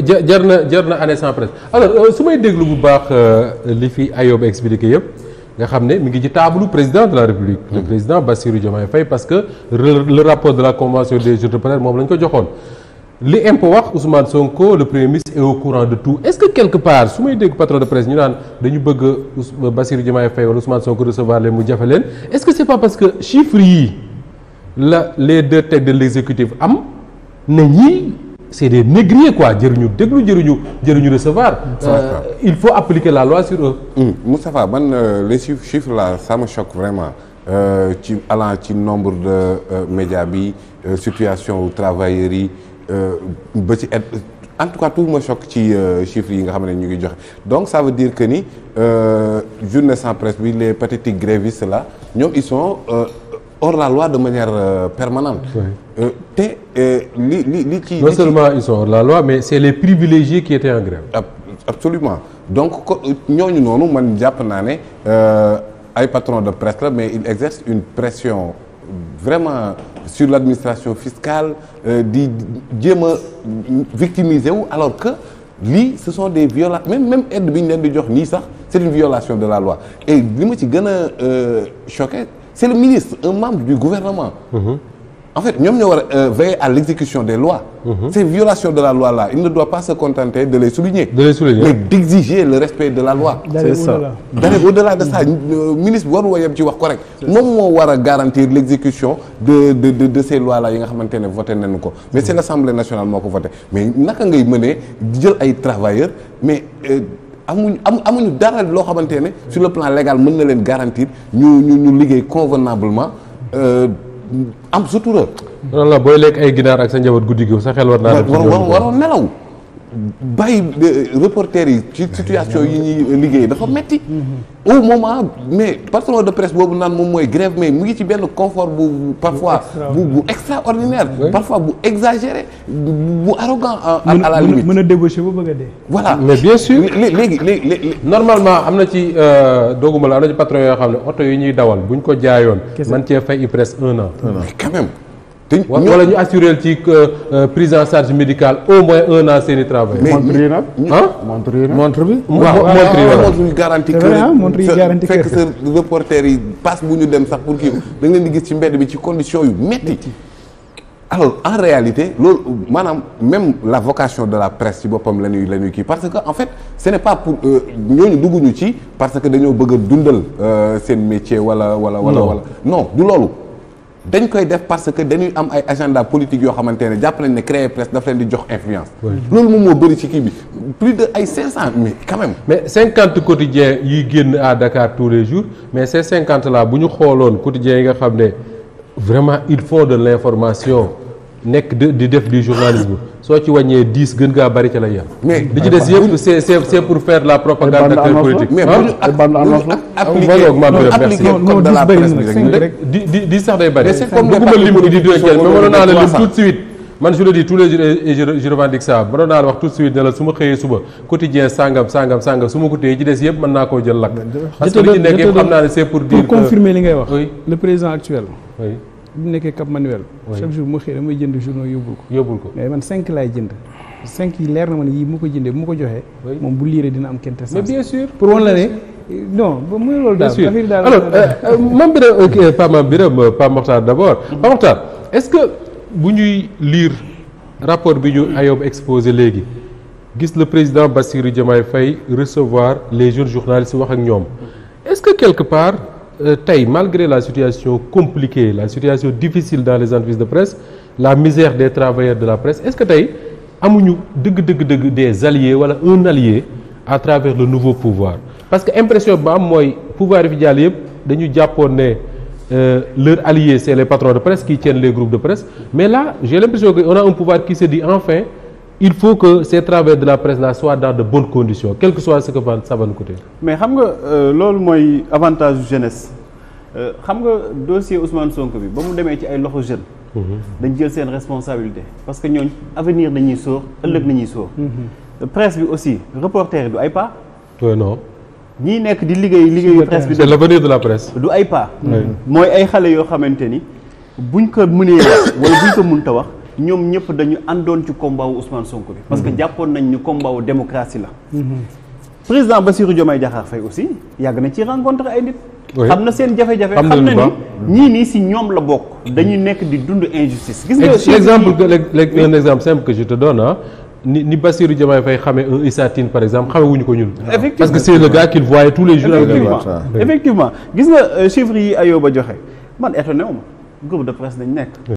jar na jar na année sans presse alors euh, su may déglu bu baax euh, li fi Ayob expliqué yëpp nga xam ne mi ngi ci taabalu président de la république le mm-hmm. président Bassirou Diomaye Faye parce que le rapport de la convention des journaux de presse moom la ko joxoon li impo wax Ousmane Sonko le premier ministre au courant de tout est-ce que quelque part su may dégg patron de presse ñu naan dañu bëgg Bassirou Diomaye Faye wala Ousmane Sonko recevoir leen mu jafe leen est que c'est pas parce que chiffres la les deux têtes de l'exécutif am na ñii c'est des négriers quoi jëruñu déglu jëruñu jëruñu recevoir. Euh, il faut appliquer la loi sur eux. Hmm. Moustapha man euh, les chiffres là sama me choque vraiment euh, ci allant ci nombre de médias bi situation travailleurs yi ba ci en tout cas tout ma choque ci chiffres yi nga xam ne ñu ngi joxe donc ça veut dire que ni journée sans presse bi les pathétiques grévistes là ñoom ils sont. or la loi de manière euh, permanente. Euh, te euh, li li ci. non seulement ils la loi mais c'est les privilégiés qui étaient en absolument donc ko ñooñu noonu man jàpp naa ne euh, ay patron de presse la mais il exerce une pression vraiment sur l'administration fiscale di jéem a victimiser wu alors que lii ce sont des viola même même aide bi ñu leen di jox nii sax c'est de la loi et li ma ci gën a choqué. c'est le ministre un membre du gouvernement mmh. en fait ñoom ñoo war a euh, veiller à l'exécution des lois mmh. ces violations de la loi là il ne doit pas se contenter de les souligner, de les souligner. mais d'exiger le respect de la loi c'est ça d'aller au de ça mm-hmm. euh, ministre bi waru wa ci wax correct moom moo war a garantir l'exécution de de de de ces lois là yi nga xamante ne voté nañu ko mais mm-hmm. c'est l'Assemblée nationale moo ko voté mais naka ngay mënee jël ay travailleurs mais euh, amuñu am amuñu dara loo xamante ne sur le plan légal mën na leen garantir ñu ñu ñu liggéey convenablement euh, am sutura. loolu la booy lekk ay ginaar ak sa njaboot guddi gi sa xel war naa. waroon nelaw. bàyyi euh, reporter yi ci situation yi ñuy liggéey dafa metti au moment mais patron de presse boobu naan moom mooy grève mais mu ngi ci benn confort bu parfois bu bu extraordinaire parfois bu exagéré bu arrogant à la limite mën a débauché bu bëgg a dee voilà mais bien sûr léegi léegi normalement am na ci euh, dooguma la am na ci patron yoo xam ne oto yi ñuy dawal buñ ko jaayoon man cee fay IPRES un an te wala ñu assuré ci euh, euh, prise en charge au moins un seen i travail. montre yi nag montre yi montre bi. waaw montre yi garanti kër fekk sa reporter yi passe bu ñu dem sax pour kii da nga di gis ci mbedd bi ci condition yu metti alors en réalité loolu maanaam même la vocation de la presse ci boppam la ñuy la ñuy kii parce que en fait ce n'est pas pour euh, ñooñu dugguñu ci parce que dañoo bëgg a dundal seen métier wala wala wala wala non du loolu dañ koy def parce que dañuy am ay agenda politique yoo xamante ne jàpp nañ ne créer presse daf leen di jox influence. loolu moom moo bëri ci kii bi plus de ay 500 mais quand même. mais 50 quotidiens yuy génn à Dakar tous les jours mais ces cinquante là bu ñu xooloon quotidiens yi nga xam ne vraiment il faut de l'information. nekk di def du journalisme soo ci wàññee dix gën gaa bari ca la yem. mais li ci des yëpp c'est c'est pour faire la propagande acteur politique. mais ah? bande annonce la appliqué code de la presse di di sax day bari. mais c'est comme lim bi di doy kenn mais mënoon naa la lim tout de suite. man je le dis tous les jours et je revendique ça mënoon naa la wax tout de suite ne la su ma xëyee suba quotidien sangam sangam sangam su ma ko téye ci des yëpp mën naa koo jël lakk. parce que li ci nekk yëpp xam naa ne c'est pour dire pour confirmer li ngay wax. le président actuel. oui bu nekkee Cap Manuel. chaque jour mu xëy damay jënd journaux yóbbul ko. yóbbul ko mais man cinq laay jënd. cinq yi leer na ma ne yii mu ko jëndee bu mu ko joxee. moom bu liiree dina am quintessence. mais bien sûr pour wan la ne. non ba muy loolu daal affaire daal alors euh, euh, Mame Birame ok pas Mame Birame euh, pas Mokhtar d' abord. Mm-hmm. Pape est ce que bu ñuy lire rapport bi ñu ayob exposé léegi. gis le président Bassirou Diomaye Faye recevoir les jeunes journalistes wax ak ñoom est-ce que quelque part Euh, tey malgré la situation compliquée la situation difficile dans les entreprises de presse la misère des travailleurs de la presse est-ce que tey amuñu dëgg dëgg dëgg des alliés wala un allié à travers le nouveau pouvoir parce que impression ba am mooy pouvoir yi fi jàll yëpp dañu jàppoon ne euh, leur allié c'est les patrons de presse qui tiennent les groupes de presse mais là j'ai l'impression que on a un pouvoir qui se dit enfin il faut que ces travailleurs de la presse là soient dans de bonnes conditions quel que soit ce que ça va nous mais xam nga euh, loolu mooy avantage jeunesse euh, xam nga dossier Ousmane Sonko bi ba mu demee ci ay loxo jeune mhm. dañ jël seen responsabilité parce que ñooñ avenir dañuy sóor ëllëg nañuy sóor mhm. presse bi aussi reporter du ay pas non ñii nekk di liggéey liggéeyu presse bi c'est l'avenir de la presse du ay pas mooy ay xale yoo xamante ni buñ ko mënee wax wala buñ ko mënta wax ñoom ñëpp dañu àndoon ci combat wu Ousmane Sonko bi. parce que mhm. jàppoon nañ ni combat wu démocratie la. Mhm. président Bassirou Diomaye Diakhar Faye aussi yàgg na ci rencontre ay nit. xam na seen jafe-jafe. xam na ni ñii nii si ñoom la bokk. dañuy nekk di dund injustice. gis nga exemple que léegi un exemple simple que je te donne ni ni Bassirou Diomaye Faye un Issa par exemple xamee wuñu ko ñun. effectivement parce que c'est le gars qu'il voyait tous les jours. effectivement effectivement gis nga euh, chiffres yi Ayoba joxe man étonné wu ma groupe nekk.